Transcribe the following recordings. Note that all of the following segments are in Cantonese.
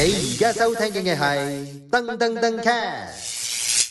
你而家收聽嘅係噔噔噔 cast，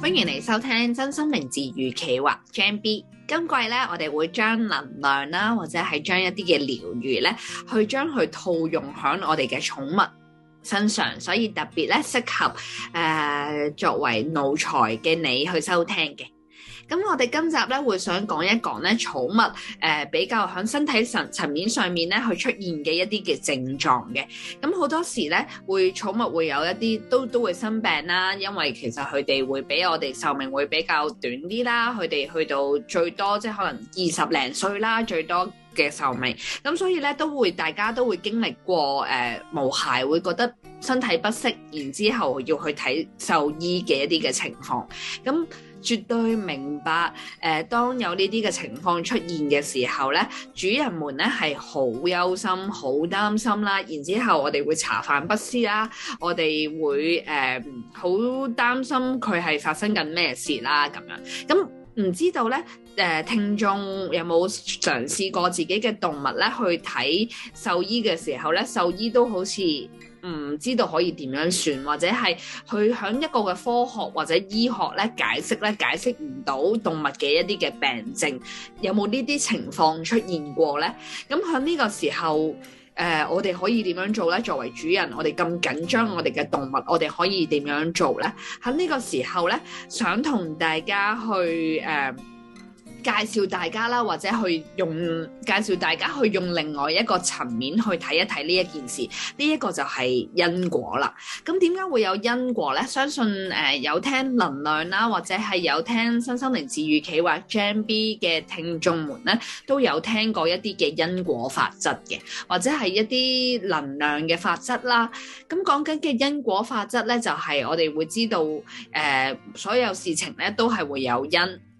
歡迎嚟收聽《真心名字如企劃》Gem B。今季咧，我哋會將能量啦，或者係將一啲嘅療愈咧，去將佢套用響我哋嘅寵物身上，所以特別咧適合誒作為奴才嘅你去收聽嘅。咁我哋今集咧會想講一講咧寵物誒、呃、比較喺身體層層面上面咧去出現嘅一啲嘅症狀嘅。咁好多時咧會寵物會有一啲都都會生病啦，因為其實佢哋會比我哋壽命會比較短啲啦，佢哋去到最多即係可能二十零歲啦，最多嘅壽命。咁所以咧都會大家都會經歷過誒、呃、毛孩會覺得身體不適，然之後要去睇獸醫嘅一啲嘅情況。咁絕對明白，誒、呃、當有呢啲嘅情況出現嘅時候咧，主人們咧係好憂心、好擔心啦。然之後我哋會茶飯不思啦，我哋會誒好擔心佢係發生緊咩事啦咁樣。咁唔知道咧，誒、呃、聽眾有冇嘗試過自己嘅動物咧去睇獸醫嘅時候咧，獸醫都好似。唔知道可以點樣算，或者係去響一個嘅科學或者醫學咧解釋，咧解釋唔到動物嘅一啲嘅病症，有冇呢啲情況出現過呢？咁響呢個時候，誒、呃、我哋可以點樣做呢？作為主人，我哋咁緊張，我哋嘅動物，我哋可以點樣做呢？喺呢個時候呢，想同大家去誒。呃介紹大家啦，或者去用介紹大家去用另外一個層面去睇一睇呢一件事，呢、這、一個就係因果啦。咁點解會有因果呢？相信誒、呃、有聽能量啦，或者係有聽身心靈治愈企劃 JMB 嘅聽眾們呢，都有聽過一啲嘅因果法則嘅，或者係一啲能量嘅法則啦。咁講緊嘅因果法則呢，就係、是、我哋會知道誒、呃、所有事情呢都係會有因。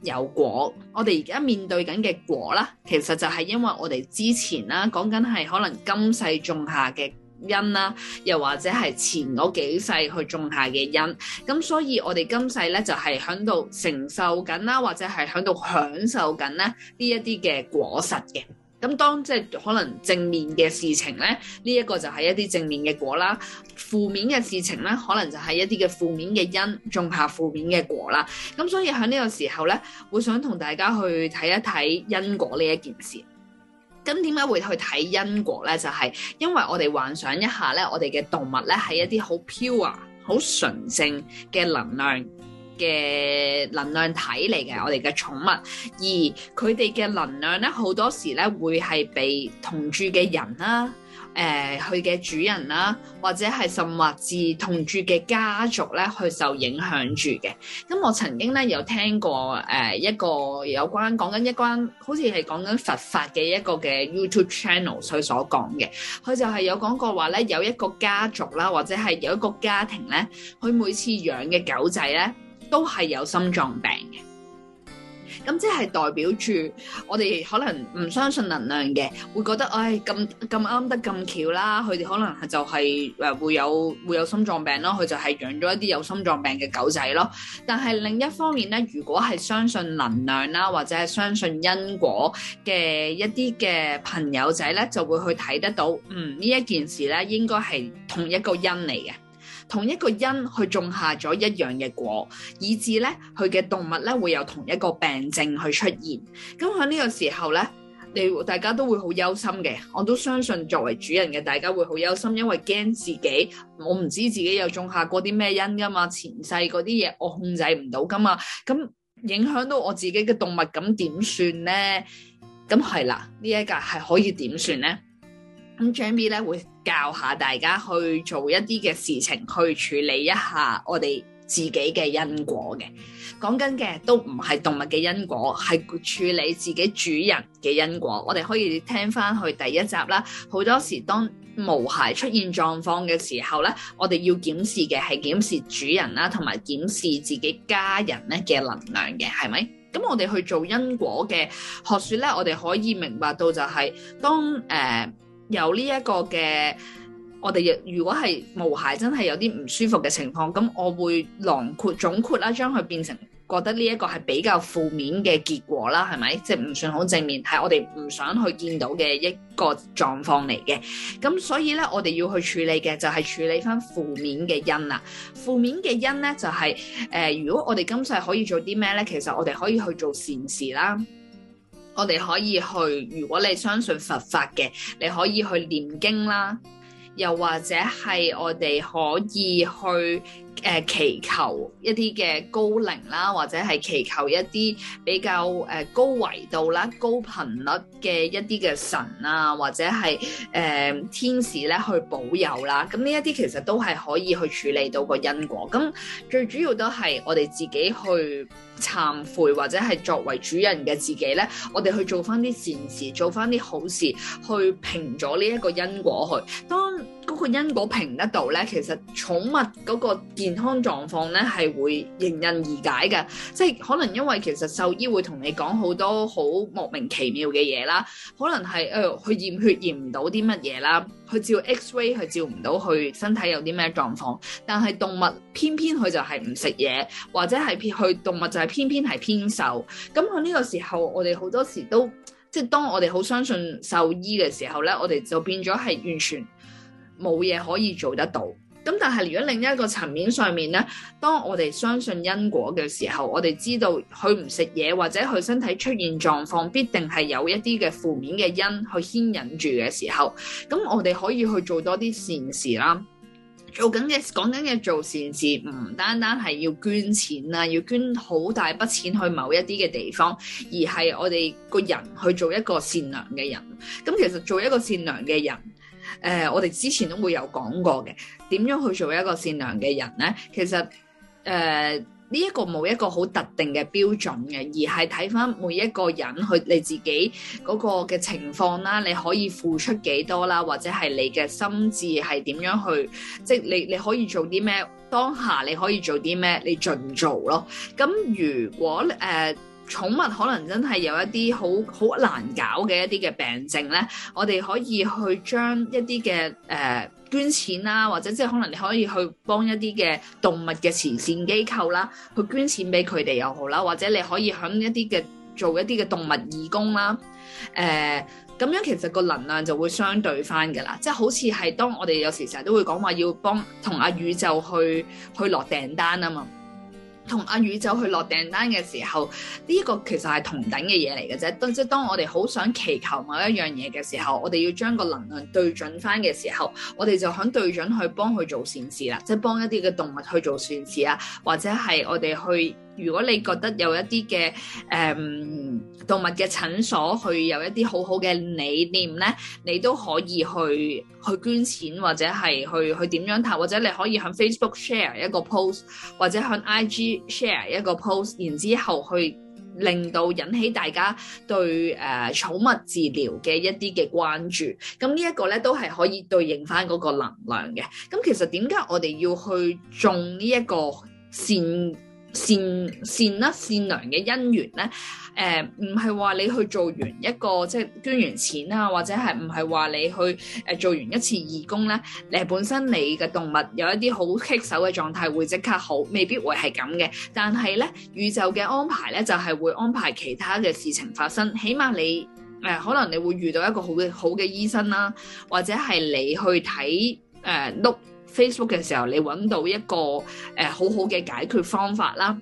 有果，我哋而家面對緊嘅果啦，其實就係因為我哋之前啦、啊，講緊係可能今世種下嘅因啦，又或者係前嗰幾世去種下嘅因，咁所以我哋今世咧就係響度承受緊啦，或者係響度享受緊咧呢一啲嘅果實嘅。咁當即係可能正面嘅事情咧，呢、這、一個就係一啲正面嘅果啦。負面嘅事情咧，可能就係一啲嘅負面嘅因種下負面嘅果啦。咁所以喺呢個時候咧，會想同大家去睇一睇因，因果呢一件事。咁點解會去睇因果咧？就係、是、因為我哋幻想一下咧，我哋嘅動物咧係一啲好 pure 好純正嘅能量嘅能量體嚟嘅，我哋嘅寵物，而佢哋嘅能量咧，好多時咧會係被同住嘅人啦，誒、呃，佢嘅主人啦，或者係甚或至同住嘅家族咧，去受影響住嘅。咁我曾經咧有聽過誒、呃、一個有關講緊一關，好似係講緊佛法嘅一個嘅 YouTube channel，佢所講嘅，佢就係有講過話咧，有一個家族啦，或者係有一個家庭咧，佢每次養嘅狗仔咧，都係有心臟病嘅，咁即係代表住我哋可能唔相信能量嘅，會覺得唉，咁咁啱得咁巧啦。佢哋可能係就係誒會有會有心臟病咯，佢就係養咗一啲有心臟病嘅狗仔咯。但係另一方面咧，如果係相信能量啦，或者係相信因果嘅一啲嘅朋友仔咧，就會去睇得到，嗯，呢一件事咧應該係同一個因嚟嘅。同一個因去種下咗一樣嘅果，以致咧佢嘅動物咧會有同一個病症去出現。咁喺呢個時候咧，你大家都會好憂心嘅。我都相信作為主人嘅大家會好憂心，因為驚自己，我唔知自己又種下過啲咩因㗎嘛，前世嗰啲嘢我控制唔到噶嘛，咁影響到我自己嘅動物，咁點算咧？咁係啦，呢一格係可以點算咧？咁 Jamie 咧，會教下大家去做一啲嘅事情去處理一下我哋自己嘅因果嘅，講緊嘅都唔係動物嘅因果，係處理自己主人嘅因果。我哋可以聽翻去第一集啦。好多時當毛孩出現狀況嘅時候咧，我哋要檢視嘅係檢視主人啦，同埋檢視自己家人咧嘅能量嘅，係咪？咁我哋去做因果嘅學說咧，我哋可以明白到就係、是、當誒。呃有呢一個嘅，我哋若如果係無鞋真係有啲唔舒服嘅情況，咁我會囊括總括啦，將佢變成覺得呢一個係比較負面嘅結果啦，係咪？即係唔算好正面，係我哋唔想去見到嘅一個狀況嚟嘅。咁所以呢，我哋要去處理嘅就係處理翻負面嘅因啦。負面嘅因呢，就係誒，如果我哋今世可以做啲咩呢？其實我哋可以去做善事啦。我哋可以去，如果你相信佛法嘅，你可以去念經啦，又或者係我哋可以去。誒、呃、祈求一啲嘅高靈啦，或者係祈求一啲比較誒高維度啦、高頻率嘅一啲嘅神啊，或者係誒、呃、天使咧去保佑啦。咁呢一啲其實都係可以去處理到個因果。咁最主要都係我哋自己去懺悔，或者係作為主人嘅自己咧，我哋去做翻啲善事，做翻啲好事，去平咗呢一個因果去。當嗰個因果平得到咧，其實寵物嗰個健康狀況咧係會迎刃而解嘅。即係可能因為其實獸醫會同你講好多好莫名其妙嘅嘢啦，可能係誒去驗血驗唔到啲乜嘢啦，去照 X-ray 去照唔到佢身體有啲咩狀況。但係動物偏偏佢就係唔食嘢，或者係去動物就係偏偏係偏，偏，偏瘦。咁佢呢個時候，我哋好多時都即係當我哋好相信獸醫嘅時候咧，我哋就變咗係完全冇嘢可以做得到。咁但係如果另一個層面上面咧，當我哋相信因果嘅時候，我哋知道佢唔食嘢或者佢身體出現狀況必定係有一啲嘅負面嘅因去牽引住嘅時候，咁我哋可以去做多啲善事啦。做緊嘅講緊嘅做善事，唔單單係要捐錢啊要捐好大筆錢去某一啲嘅地方，而係我哋個人去做一個善良嘅人。咁其實做一個善良嘅人。誒、呃，我哋之前都會有講過嘅，點樣去做一個善良嘅人咧？其實誒，呢、呃這個、一個冇一個好特定嘅標準嘅，而係睇返每一個人去你自己嗰個嘅情況啦，你可以付出幾多啦，或者係你嘅心智係點樣去，即係你你可以做啲咩，當下你可以做啲咩，你盡做咯。咁如果誒。呃寵物可能真係有一啲好好難搞嘅一啲嘅病症咧，我哋可以去將一啲嘅誒捐錢啦，或者即係可能你可以去幫一啲嘅動物嘅慈善機構啦，去捐錢俾佢哋又好啦，或者你可以響一啲嘅做一啲嘅動物義工啦，誒、呃、咁樣其實個能量就會相對返㗎喇，即、就、係、是、好似係當我哋有時成日都會講話要幫同阿宇宙去去落訂單啊嘛。同阿宇宙去落訂單嘅時候，呢個其實係同等嘅嘢嚟嘅啫。當即當我哋好想祈求某一樣嘢嘅時候，我哋要將個能量對準翻嘅時候，我哋就響對準去幫佢做善事啦，即係幫一啲嘅動物去做善事啊，或者係我哋去。如果你覺得有一啲嘅誒動物嘅診所，去有一啲好好嘅理念咧，你都可以去去捐錢，或者係去去點樣投，或者你可以向 Facebook share 一個 post，或者向 IG share 一個 post，然之後去令到引起大家對誒寵、呃、物治療嘅一啲嘅關注。咁、嗯這個、呢一個咧都係可以對應翻嗰個能量嘅。咁、嗯、其實點解我哋要去種呢一個善？善善啦，善良嘅姻緣咧，誒唔係話你去做完一個即係捐完錢啊，或者係唔係話你去誒、呃、做完一次義工咧？你本身你嘅動物有一啲好棘手嘅狀態，會即刻好，未必會係咁嘅。但係咧，宇宙嘅安排咧，就係、是、會安排其他嘅事情發生。起碼你誒、呃，可能你會遇到一個好嘅好嘅醫生啦、啊，或者係你去睇誒碌。呃 Facebook 嘅時候，你揾到一個誒、呃、好好嘅解決方法啦，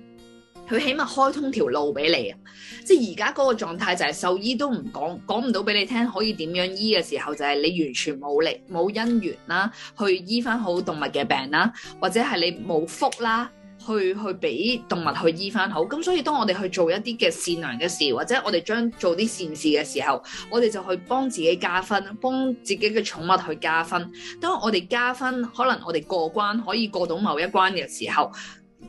佢起碼開通條路俾你啊！即係而家嗰個狀態就係獸醫都唔講，講唔到俾你聽可以點樣醫嘅時候，就係、是、你完全冇力、冇姻緣啦，去醫翻好動物嘅病啦，或者係你冇福啦。去去俾動物去醫翻好，咁所以當我哋去做一啲嘅善良嘅事，或者我哋將做啲善事嘅時候，我哋就去幫自己加分，幫自己嘅寵物去加分。當我哋加分，可能我哋過關可以過到某一關嘅時候，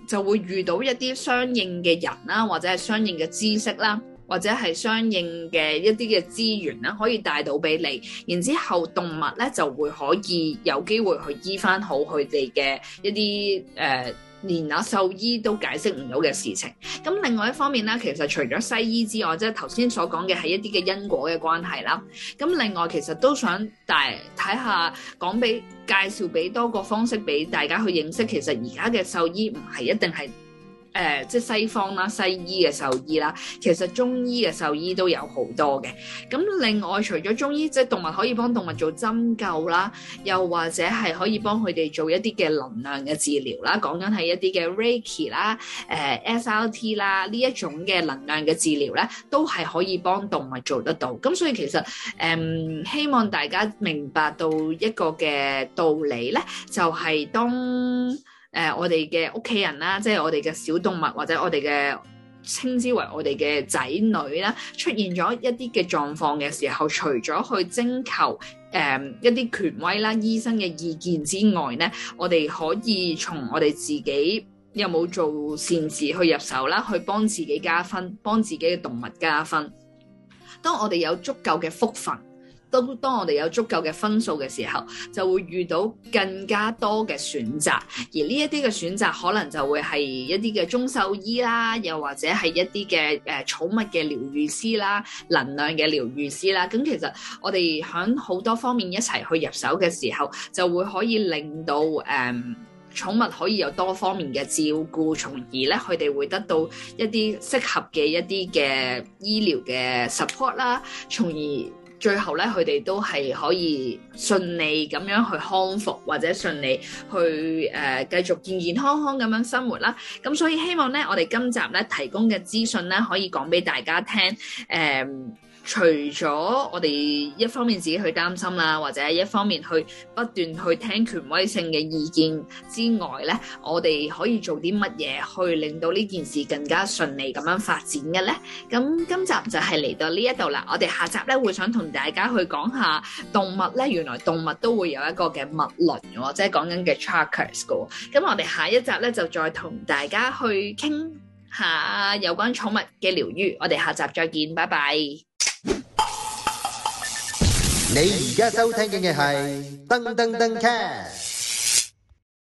就會遇到一啲相應嘅人啦，或者係相應嘅知識啦，或者係相應嘅一啲嘅資源啦，可以帶到俾你。然之後動物呢，就會可以有機會去醫翻好佢哋嘅一啲誒。呃連阿獸醫都解釋唔到嘅事情，咁另外一方面咧，其實除咗西醫之外，即係頭先所講嘅係一啲嘅因果嘅關係啦。咁另外其實都想大睇下，講俾，介紹俾多個方式俾大家去認識，其實而家嘅獸醫唔係一定係。誒、呃，即係西方啦，西醫嘅獸醫啦，其實中醫嘅獸醫都有好多嘅。咁另外，除咗中醫，即係動物可以幫動物做針灸啦，又或者係可以幫佢哋做一啲嘅能量嘅治療啦，講緊係一啲嘅 Reiki 啦、誒、呃、SRT 啦呢一種嘅能量嘅治療咧，都係可以幫動物做得到。咁所以其實誒、呃，希望大家明白到一個嘅道理咧，就係、是、當。誒、呃，我哋嘅屋企人啦，即係我哋嘅小動物或者我哋嘅稱之為我哋嘅仔女啦，出現咗一啲嘅狀況嘅時候，除咗去徵求誒、呃、一啲權威啦、醫生嘅意見之外呢，我哋可以從我哋自己有冇做善事去入手啦，去幫自己加分，幫自己嘅動物加分。當我哋有足夠嘅福分。都當我哋有足夠嘅分數嘅時候，就會遇到更加多嘅選擇，而呢一啲嘅選擇可能就會係一啲嘅中獸醫啦，又或者係一啲嘅誒寵物嘅療癒師啦、能量嘅療癒師啦。咁、嗯、其實我哋喺好多方面一齊去入手嘅時候，就會可以令到誒、呃、寵物可以有多方面嘅照顧，從而呢佢哋會得到一啲適合嘅一啲嘅醫療嘅 support 啦，從而。最後咧，佢哋都係可以順利咁樣去康復，或者順利去誒、呃、繼續健健康康咁樣生活啦。咁、嗯、所以希望咧，我哋今集咧提供嘅資訊咧，可以講俾大家聽誒。呃除咗我哋一方面自己去擔心啦，或者一方面去不斷去聽權威性嘅意見之外咧，我哋可以做啲乜嘢去令到呢件事更加順利咁樣發展嘅咧？咁今集就係嚟到呢一度啦。我哋下集咧會想同大家去講下動物咧，原來動物都會有一個嘅物輪嘅，即係講緊嘅 traumas 嘅。咁我哋下一集咧就再同大家去傾下有關寵物嘅療癒。我哋下集再見，拜拜。你而家收聽嘅係噔噔噔 cat。